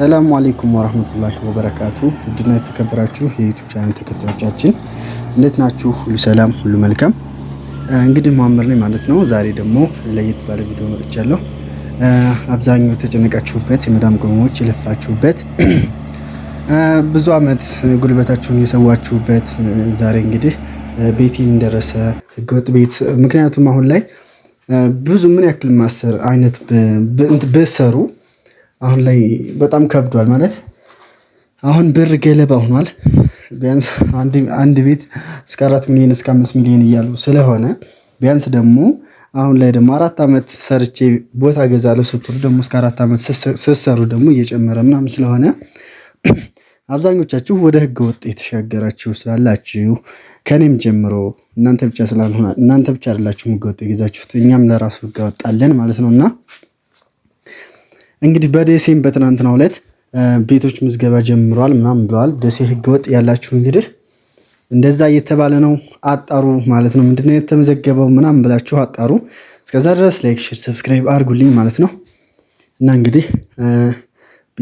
ሰላሙ አሌይኩም ወራህመቱላሂ ወበረካቱ። ውድና የተከበራችሁ የዩቱብ ቻናል ተከታዮቻችን እንዴት ናችሁ? ሁሉ ሰላም፣ ሁሉ መልካም። እንግዲህ ማምር ነኝ ማለት ነው። ዛሬ ደግሞ ለየት ባለ ቪዲዮ መጥቻለሁ። አብዛኛው ተጨነቃችሁበት የመዳም ቅመሞች የለፋችሁበት፣ ብዙ አመት ጉልበታችሁን የሰዋችሁበት ዛሬ እንግዲህ ቤቲ እንደደረሰ ህገወጥ ቤት ምክንያቱም አሁን ላይ ብዙ ምን ያክል ማሰር አይነት ብሰሩ አሁን ላይ በጣም ከብዷል ማለት አሁን ብር ገለባ ሆኗል። ቢያንስ አንድ ቤት እስከ አራት ሚሊዮን እስከ አምስት ሚሊዮን እያሉ ስለሆነ ቢያንስ ደግሞ አሁን ላይ ደግሞ አራት ዓመት ሰርቼ ቦታ ገዛለሁ ስትሉ ደግሞ እስከ አራት ዓመት ስትሰሩ ደግሞ እየጨመረ ምናምን ስለሆነ አብዛኞቻችሁ ወደ ህገ ወጥ የተሻገራችሁ ስላላችሁ ከኔም ጀምሮ እናንተ ብቻ ስላልሆነ እናንተ ብቻ አይደላችሁም ህገ ወጥ የገዛችሁት እኛም ለራሱ ህገ ወጣለን ማለት ነው እና እንግዲህ በደሴም በትናንትናው ዕለት ቤቶች ምዝገባ ጀምሯል ምናምን ብለዋል። ደሴ ህገወጥ ያላችሁ እንግዲህ እንደዛ እየተባለ ነው፣ አጣሩ ማለት ነው። ምንድነው የተመዘገበው ምናምን ብላችሁ አጣሩ። እስከዛ ድረስ ላይክ፣ ሼር፣ ሰብስክራይብ አድርጉልኝ ማለት ነው እና እንግዲህ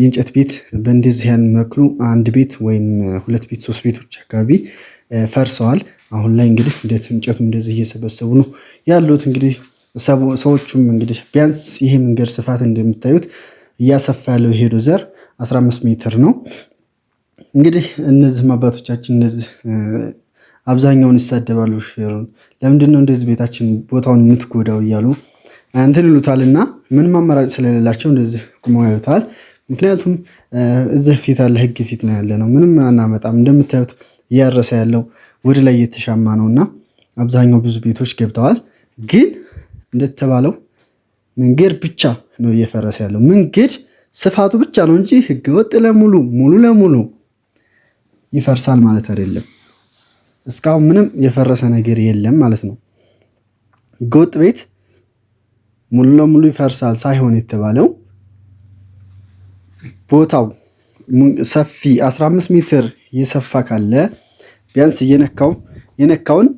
የእንጨት ቤት በእንደዚህ ያን መክሉ አንድ ቤት ወይም ሁለት ቤት ሶስት ቤቶች አካባቢ ፈርሰዋል። አሁን ላይ እንግዲህ እንደት እንጨቱ እንደዚህ እየሰበሰቡ ነው ያሉት እንግዲህ ሰዎቹም እንግዲህ ቢያንስ ይሄ መንገድ ስፋት እንደምታዩት እያሰፋ ያለው የሄዶ ዘር 15 ሜትር ነው። እንግዲህ እነዚህም አባቶቻችን እነዚህ አብዛኛውን ይሳደባሉ። ለምንድን ነው እንደዚህ ቤታችን ቦታውን የምትጎዳው እያሉ እንትን እና ምንም አማራጭ ስለሌላቸው እንደዚህ ቁመው ያዩታል። ምክንያቱም እዚህ ፊት አለ ህግ ፊት ነው ያለ ነው። ምንም አናመጣም። እንደምታዩት እያረሰ ያለው ወደ ላይ እየተሻማ ነው እና አብዛኛው ብዙ ቤቶች ገብተዋል ግን እንደተባለው መንገድ ብቻ ነው እየፈረሰ ያለው። መንገድ ስፋቱ ብቻ ነው እንጂ ህገወጥ ለሙሉ ሙሉ ለሙሉ ይፈርሳል ማለት አይደለም። እስካሁን ምንም የፈረሰ ነገር የለም ማለት ነው። ህገወጥ ቤት ሙሉ ለሙሉ ይፈርሳል ሳይሆን የተባለው ቦታው ሰፊ 15 ሜትር እየሰፋ ካለ ቢያንስ የነካው የነካውን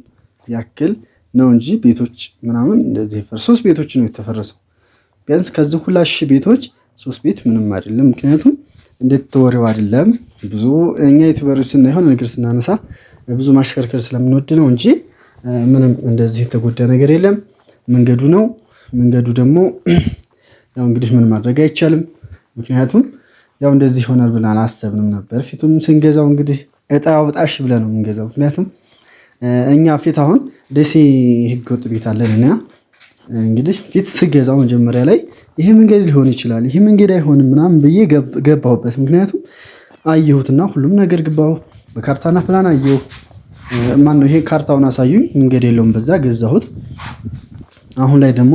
ያክል ነው እንጂ ቤቶች ምናምን እንደዚህ ሶስት ቤቶች ነው የተፈረሰው። ቢያንስ ከዚህ ሁላ ሺህ ቤቶች ሶስት ቤት ምንም አይደለም። ምክንያቱም እንደተወሬው አይደለም። ብዙ እኛ ዩቲዩበሮች ስና የሆነ ነገር ስናነሳ ብዙ ማሽከርከር ስለምንወድ ነው እንጂ ምንም እንደዚህ የተጎዳ ነገር የለም። መንገዱ ነው መንገዱ ደግሞ ያው እንግዲህ ምን ማድረግ አይቻልም። ምክንያቱም ያው እንደዚህ ይሆናል ብለን አላሰብንም ነበር። ፊቱም ስንገዛው እንግዲህ እጣ አውጣሽ ብለን ነው የምንገዛው ምክንያቱም እኛ ፊት አሁን ደሴ ወጥ ቤት አለን እና እንግዲህ ፊት ስገዛው መጀመሪያ ላይ ይሄ መንገድ ሊሆን ይችላል፣ ይሄ መንገድ አይሆንም ምናምን ብዬ ገባሁበት። ምክንያቱም አየሁትና ሁሉም ነገር ግባው በካርታና ፕላን አየሁ። ማን ነው ይሄ ካርታውን አሳዩኝ። መንገድ የለውም በዛ ገዛሁት። አሁን ላይ ደግሞ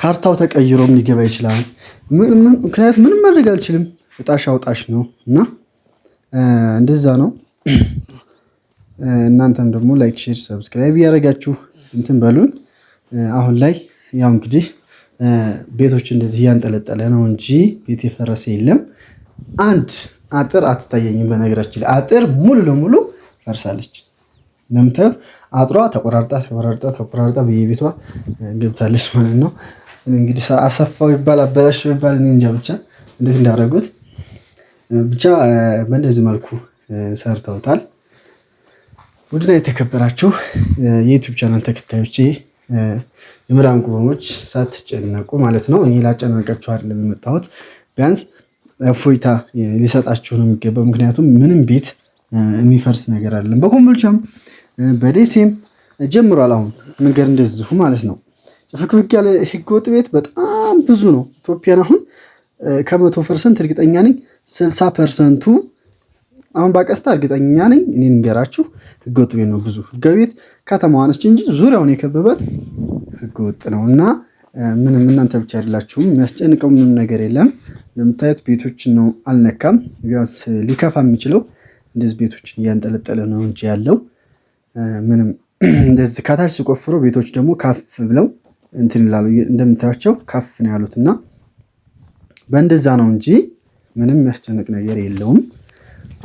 ካርታው ተቀይሮም ሊገባ ይችላል። ምክንያቱም ምንም ማድረግ አልችልም። እጣሽ አውጣሽ ነው እና እንደዛ ነው። እናንተም ደግሞ ላይክ፣ ሼር፣ ሰብስክራይብ እያደረጋችሁ እንትን በሉን። አሁን ላይ ያው እንግዲህ ቤቶች እንደዚህ እያንጠለጠለ ነው እንጂ ቤት የፈረሰ የለም። አንድ አጥር አትታየኝም። በነገራችን ላይ አጥር ሙሉ ለሙሉ ፈርሳለች። እንደምታዩት አጥሯ ተቆራርጣ ተቆራርጣ ተቆራርጣ በየቤቷ ገብታለች ማለት ነው። እንግዲህ አሰፋው ይባል አበላሽ ይባል እንጃ ብቻ እንዴት እንዳደረጉት ብቻ በእንደዚህ መልኩ ሰርተውታል። ውድና የተከበራችሁ የዩቲዩብ ቻናል ተከታዮቼ የምራም ቅመሞች ሳትጨነቁ ማለት ነው። እኔ ላጨናቀችሁ አይደለም የመጣሁት፣ ቢያንስ እፎይታ ሊሰጣችሁ ነው የሚገባው። ምክንያቱም ምንም ቤት የሚፈርስ ነገር አይደለም። በኮምቦልቻም በደሴም ጀምሯል። አሁን መንገድ እንደዚሁ ማለት ነው። ፍክፍክ ያለ ህገወጥ ቤት በጣም ብዙ ነው። ኢትዮጵያን አሁን ከመቶ ፐርሰንት እርግጠኛ ነኝ ስልሳ ፐርሰንቱ አሁን በአቀስታ እርግጠኛ ነኝ እኔን እንገራችሁ ህገወጥ ቤት ነው። ብዙ ህገቤት ቤት ከተማዋ ነች እንጂ ዙሪያውን የከበበት ህገወጥ ነው እና ምንም እናንተ ብቻ አይደላችሁም። የሚያስጨንቀው ምንም ነገር የለም። እንደምታዩት ቤቶችን ነው አልነካም። ቢያንስ ሊከፋ የሚችለው እንደዚህ ቤቶችን እያንጠለጠለ ነው እንጂ ያለው ምንም እንደዚህ ከታች ሲቆፍሩ ቤቶች ደግሞ ካፍ ብለው እንትን ይላሉ። እንደምታያቸው ካፍ ነው ያሉት እና በእንደዛ ነው እንጂ ምንም የሚያስጨንቅ ነገር የለውም።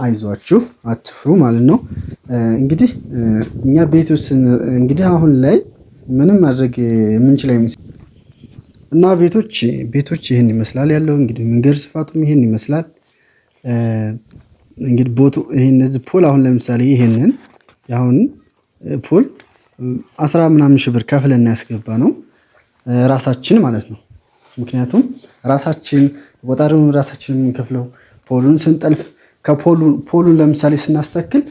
አይዟችሁ አትፍሩ ማለት ነው። እንግዲህ እኛ ቤት ውስጥ እንግዲህ አሁን ላይ ምንም ማድረግ የምንችል አይመስል እና ቤቶች ቤቶች ይህን ይመስላል ያለው እንግዲህ መንገድ ስፋቱም ይህን ይመስላል። እንግዲህ ቦቱ ይሄን እዚህ ፖል አሁን ለምሳሌ ይሄንን አሁን ፖል አስራ ምናምን ሺህ ብር ከፍለን ያስገባ ነው ራሳችን ማለት ነው። ምክንያቱም ራሳችን ቆጣሪውን ራሳችን የምንከፍለው ፖሉን ስንጠልፍ ከፖሉን ለምሳሌ ስናስተክል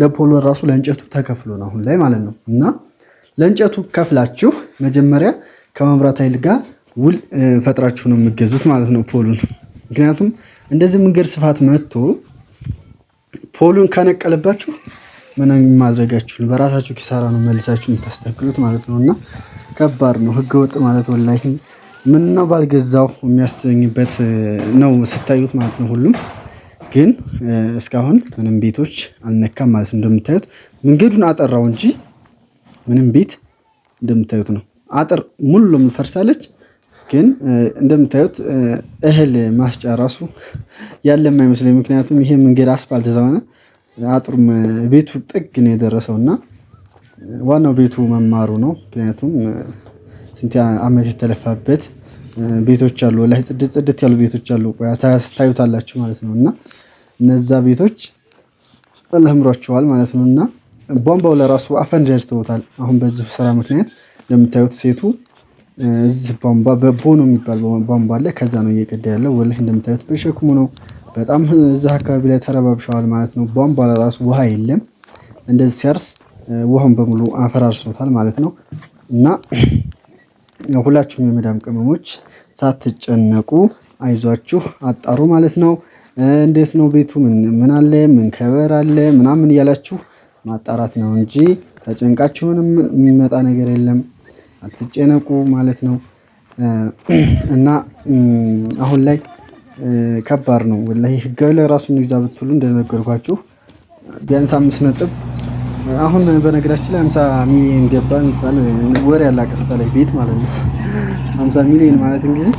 ለፖሉ ራሱ ለእንጨቱ ተከፍሎ ነው አሁን ላይ ማለት ነው። እና ለእንጨቱ ከፍላችሁ መጀመሪያ ከመብራት ኃይል ጋር ውል ፈጥራችሁ ነው የምገዙት ማለት ነው ፖሉን። ምክንያቱም እንደዚህ መንገድ ስፋት መጥቶ ፖሉን ከነቀለባችሁ ምንም ማድረጋችሁ በራሳችሁ ኪሳራ ነው መልሳችሁ የምታስተክሉት ማለት ነው። እና ከባድ ነው ወጥ ማለት ወላሂ ምነው ባልገዛው የሚያሰኝበት ነው ስታዩት ማለት ነው ሁሉም ግን እስካሁን ምንም ቤቶች አልነካም ማለት ነው። እንደምታዩት መንገዱን አጠራው እንጂ ምንም ቤት እንደምታዩት ነው። አጥር ሙሉ ለሙሉ ፈርሳለች። ግን እንደምታዩት እህል ማስጫ ራሱ ያለ የማይመስለኝ ምክንያቱም ይሄ መንገድ አስፋልት ስለሆነ አጥሩም ቤቱ ጥግ ነው የደረሰው እና ዋናው ቤቱ መማሩ ነው። ምክንያቱም ስንት ዓመት የተለፋበት ቤቶች አሉ ላይ ጽድት ጽድት ያሉ ቤቶች አሉ ታዩታላችሁ ማለት ነው እና እነዛ ቤቶች ለምሯቸዋል ማለት ነው። እና ቧንቧው ለራሱ አፈንጃጅተውታል። አሁን በዚህ ስራ ምክንያት እንደምታዩት ሴቱ እዚህ ቧንቧ በቦኖ የሚባል ቧንቧ አለ። ከዛ ነው እየቀዳ ያለው። ወላሂ እንደምታዩት በሸክሙ ነው። በጣም እዛ አካባቢ ላይ ተረባብሸዋል ማለት ነው። ቧንቧ ለራሱ ውሃ የለም። እንደዚህ ሲያርስ ውሃውን በሙሉ አፈራርሶታል ማለት ነው። እና ሁላችሁም የመዳም ቅመሞች ሳትጨነቁ አይዟችሁ አጣሩ ማለት ነው። እንዴት ነው ቤቱ ምን አለ ምን ከበር አለ ምናምን እያላችሁ ማጣራት ነው እንጂ ተጨንቃችሁ ምንም የሚመጣ ነገር የለም አትጨነቁ ማለት ነው። እና አሁን ላይ ከባድ ነው ወላሂ ህጋዊ ላይ ራሱን ብትሉ እንደነገርኳችሁ ቢያንስ አምስት ነጥብ አሁን በነገራችን ላይ አምሳ ሚሊዮን ገባ የሚባል ወሬ ያለ አቀስታ ላይ ቤት ማለት ነው። ሃምሳ ሚሊዮን ማለት እንግዲህ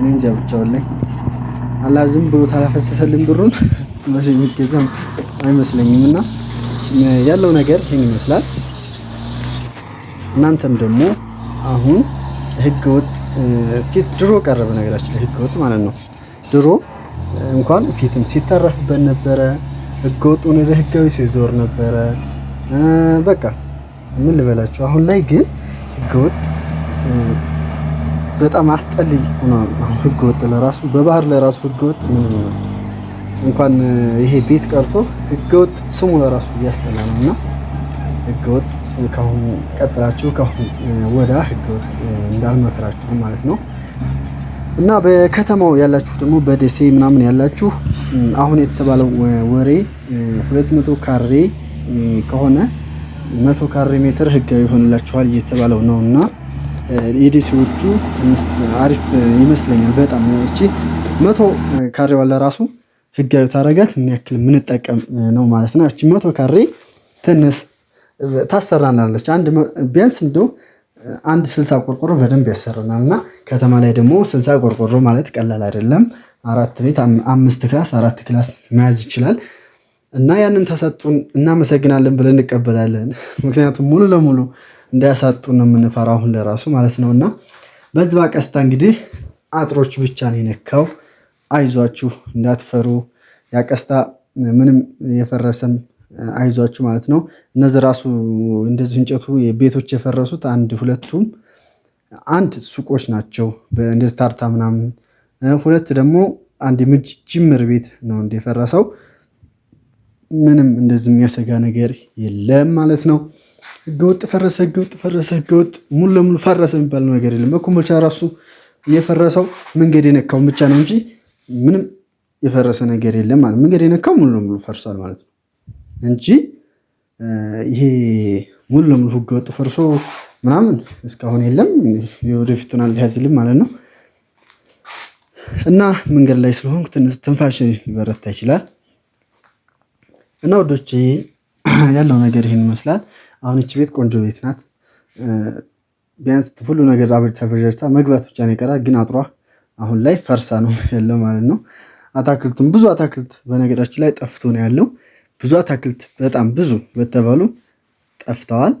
እኔ እንጃ ላይ አላህ ዝም ብሎ ታላፈሰሰልን ብሩን መቼ የሚገዛም አይመስለኝም። እና ያለው ነገር ይህን ይመስላል። እናንተም ደግሞ አሁን ህገ ወጥ ፊት ድሮ ቀረበ ነገራችን ላይ ህገ ወጥ ማለት ነው። ድሮ እንኳን ፊትም ሲተረፍበት ነበረ። ህገ ወጥ ወደ ህጋዊ ሲዞር ነበረ። በቃ ምን ልበላችሁ፣ አሁን ላይ ግን ህገ ወጥ በጣም አስጠልይ ሆኗል። ህገወጥ ለራሱ በባህር ላይ ራሱ ህገ ምንም እንኳን ይሄ ቤት ቀርቶ ህገወጥ ስሙ ለራሱ እያስጠላ ነው እና ህገ ከአሁኑ ቀጥላችሁ ከአሁኑ ወዳ ህገወጥ ወጥ እንዳልመክራችሁ ማለት ነው። እና በከተማው ያላችሁ ደግሞ በደሴ ምናምን ያላችሁ አሁን የተባለው ወሬ 200 ካሬ ከሆነ 100 ካሬ ሜትር ህጋዊ ይሆንላችኋል እየተባለው ነው እና ኤዲሲዎቹ ትንሽ አሪፍ ይመስለኛል። በጣም እቺ መቶ ካሬዋ ራሱ ህጋዊ ታረጋት ምን ያክል የምንጠቀም ነው ማለት ነው። እቺ መቶ ካሬ ትንስ ታሰራናለች። አንድ ቢያንስ እንደው አንድ ስልሳ ቆርቆሮ በደንብ ያሰራናል እና ከተማ ላይ ደግሞ ስልሳ ቆርቆሮ ማለት ቀላል አይደለም። አራት ቤት አምስት ክላስ አራት ክላስ መያዝ ይችላል። እና ያንን ተሰጡን እናመሰግናለን ብለን እንቀበላለን። ምክንያቱም ሙሉ ለሙሉ እንዳያሳጡ ነው የምንፈራው አሁን ለራሱ ማለት ነው። እና በዝባ ቀስታ እንግዲህ አጥሮች ብቻ ነው የነካው። አይዟችሁ እንዳትፈሩ፣ ያቀስታ ምንም የፈረሰም አይዟችሁ ማለት ነው። እነዚህ ራሱ እንደዚህ እንጨቱ ቤቶች የፈረሱት አንድ ሁለቱም አንድ ሱቆች ናቸው እንደዚህ ታርታ ምናምን፣ ሁለት ደግሞ አንድ ምጅ ጅምር ቤት ነው እንደፈረሰው። ምንም እንደዚህ የሚያሰጋ ነገር የለም ማለት ነው። ህገወጥ ፈረሰ፣ ህገወጥ ፈረሰ፣ ህገወጥ ሙሉ ለሙሉ ፈረሰ የሚባል ነገር የለም። ኮምቦልቻ ራሱ የፈረሰው መንገድ የነካውን ብቻ ነው እንጂ ምንም የፈረሰ ነገር የለም ማለት መንገድ የነካው ሙሉ ለሙሉ ፈርሷል ማለት ነው እንጂ ይሄ ሙሉ ለሙሉ ህገወጥ ፈርሶ ምናምን እስካሁን የለም። ወደፊቱን አልያዝልም ማለት ነው። እና መንገድ ላይ ስለሆንኩ ትንሽ ትንፋሽ ሊበረታ ይችላል። እና ወዶቼ ያለው ነገር ይህን ይመስላል። አሁን እች ቤት ቆንጆ ቤት ናት። ቢያንስ ሁሉ ነገር ተበጃጅታ መግባት ብቻ ነው የቀራት። ግን አጥሯ አሁን ላይ ፈርሳ ነው ያለው ማለት ነው። አታክልቱም ብዙ አታክልት በነገራችን ላይ ጠፍቶ ነው ያለው። ብዙ አታክልት በጣም ብዙ በተባሉ ጠፍተዋል።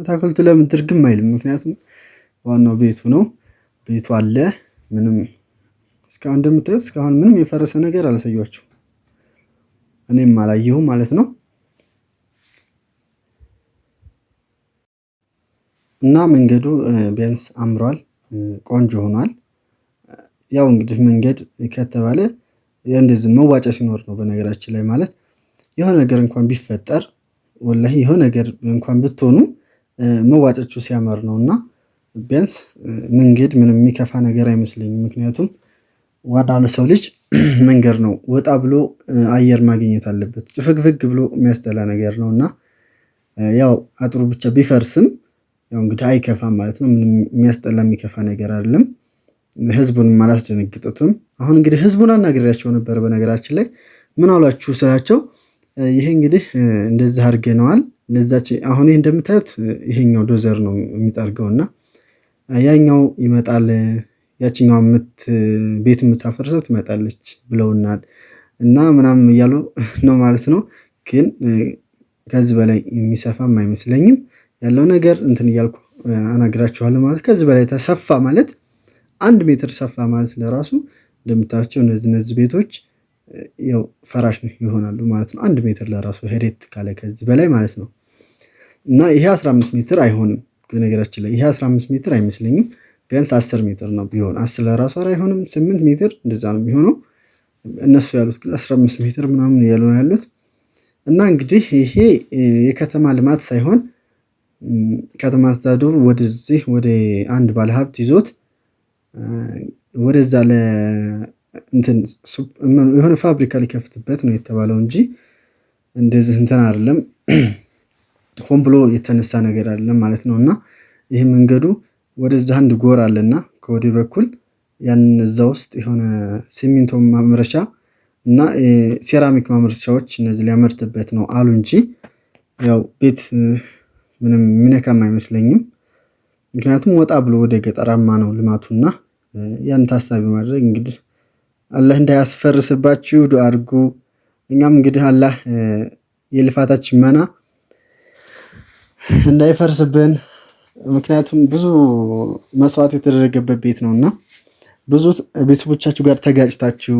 አታክልቱ ለምን ትርግም አይልም? ምክንያቱም ዋናው ቤቱ ነው። ቤቱ አለ። ምንም እስካሁን እንደምታዩት እስካሁን ምንም የፈረሰ ነገር አላሳያችሁ፣ እኔም አላየሁም ማለት ነው። እና መንገዱ ቢያንስ አምሯል ቆንጆ ሆኗል። ያው እንግዲህ መንገድ ከተባለ እንደዚህ መዋጫ ሲኖር ነው በነገራችን ላይ ማለት የሆነ ነገር እንኳን ቢፈጠር ወላሂ የሆነ ነገር እንኳን ብትሆኑ መዋጫችሁ ሲያምር ነው እና ቢያንስ መንገድ ምንም የሚከፋ ነገር አይመስለኝም። ምክንያቱም ዋና ለሰው ልጅ መንገድ ነው ወጣ ብሎ አየር ማግኘት አለበት። ጭፍግፍግ ብሎ የሚያስጠላ ነገር ነው እና ያው አጥሩ ብቻ ቢፈርስም ያው እንግዲህ አይከፋም ማለት ነው። ምንም የሚያስጠላ የሚከፋ ነገር አይደለም። ህዝቡንም አላስደነግጡትም። አሁን እንግዲህ ህዝቡን አናግሬያቸው ነበር። በነገራችን ላይ ምን አሏችሁ ስላቸው ይሄ እንግዲህ እንደዚህ አድርገነዋል ለዛች አሁን ይህ እንደምታዩት ይሄኛው ዶዘር ነው የሚጠርገው እና ያኛው ይመጣል ያችኛው ቤት የምታፈርሰው ትመጣለች ብለውናል እና ምናምን እያሉ ነው ማለት ነው። ግን ከዚህ በላይ የሚሰፋም አይመስለኝም። ያለው ነገር እንትን እያልኩ አናግራችኋለሁ ማለት ከዚህ በላይ ተሰፋ ማለት አንድ ሜትር ሰፋ ማለት ለራሱ እንደምታቸው እነዚህ እነዚህ ቤቶች ያው ፈራሽ ነው ይሆናሉ ማለት ነው። አንድ ሜትር ለራሱ ሄሬት ካለ ከዚህ በላይ ማለት ነው እና ይሄ 15 ሜትር አይሆንም። ነገራችን ላይ ይሄ 15 ሜትር አይመስለኝም። ቢያንስ 10 ሜትር ነው ቢሆን 10 ለራሱ አይሆንም። 8 ሜትር እንደዛ ነው የሚሆነው። እነሱ ያሉት ግን 15 ሜትር ምናምን እያሉ ነው ያሉት እና እንግዲህ ይሄ የከተማ ልማት ሳይሆን ከተማ አስተዳደሩ ወደዚህ ወደ አንድ ባለሀብት ይዞት ወደዛ የሆነ ፋብሪካ ሊከፍትበት ነው የተባለው እንጂ እንደዚህ እንትን አይደለም፣ ሆን ብሎ የተነሳ ነገር አይደለም ማለት ነው። እና ይህ መንገዱ ወደዛ አንድ ጎር አለና ከወደ በኩል ያንን እዛ ውስጥ የሆነ ሲሚንቶ ማምረቻ እና ሴራሚክ ማምረቻዎች እነዚህ ሊያመርትበት ነው አሉ እንጂ ያው ቤት ምንም የሚነካም አይመስለኝም። ምክንያቱም ወጣ ብሎ ወደ ገጠራማ ነው ልማቱና ያን ታሳቢ ማድረግ እንግዲህ አላህ እንዳያስፈርስባችሁ ዱ አድርጉ። እኛም እንግዲህ አላህ የልፋታችን መና እንዳይፈርስብን፣ ምክንያቱም ብዙ መስዋዕት የተደረገበት ቤት ነው እና ብዙ ቤተሰቦቻችሁ ጋር ተጋጭታችሁ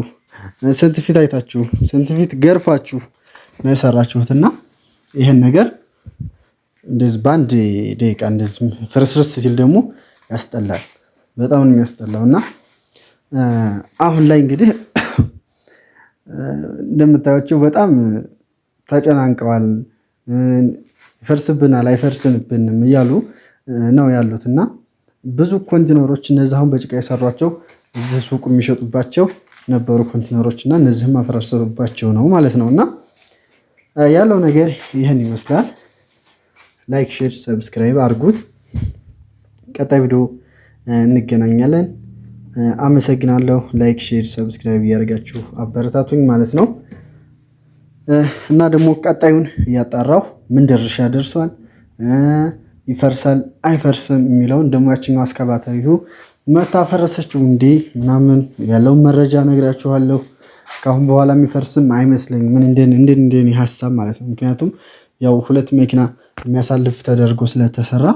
ስንት ፊት አይታችሁ ስንት ፊት ገርፋችሁ ነው የሰራችሁትና ይህን ነገር እንደዚህ በአንድ ደቂቃ እንደዚህ ፍርስርስ ሲል ደግሞ ያስጠላል። በጣም ነው የሚያስጠላው እና አሁን ላይ እንግዲህ እንደምታዩቸው በጣም ተጨናንቀዋል። ይፈርስብናል፣ አይፈርስብንም እያሉ ነው ያሉት እና ብዙ ኮንቲነሮች እነዚህ አሁን በጭቃ የሰሯቸው እዚህ ሱቅ የሚሸጡባቸው ነበሩ ኮንቲነሮች እና እነዚህም አፈራርሰሩባቸው ነው ማለት ነው እና ያለው ነገር ይህን ይመስላል። ላይክ፣ ሼር፣ ሰብስክራይብ አድርጉት። ቀጣይ ቪዲዮ እንገናኛለን። አመሰግናለሁ። ላይክ፣ ሼር፣ ሰብስክራይብ እያደርጋችሁ አበረታቱኝ ማለት ነው እና ደግሞ ቀጣዩን እያጣራሁ ምን ደርሻ ደርሷል፣ ይፈርሳል አይፈርስም የሚለውን ደግሞ ያችኛው አስከባታሪቱ መታፈረሰችው እንዴ ምናምን ያለውን መረጃ ነግራችኋለሁ። ከአሁን በኋላ የሚፈርስም አይመስለኝ ምን እንደን ሀሳብ ማለት ነው። ምክንያቱም ያው ሁለት መኪና የሚያሳልፍ ተደርጎ ስለተሰራ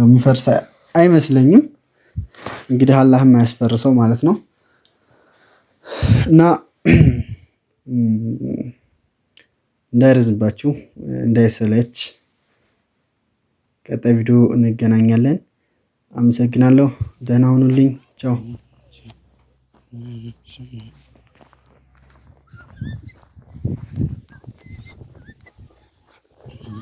የሚፈርስ አይመስለኝም። እንግዲህ አላህም የማያስፈርሰው ማለት ነው እና እንዳይረዝባችሁ እንዳይሰለች፣ ቀጣይ ቪዲዮ እንገናኛለን። አመሰግናለሁ። ደህና ሁኑልኝ። ቻው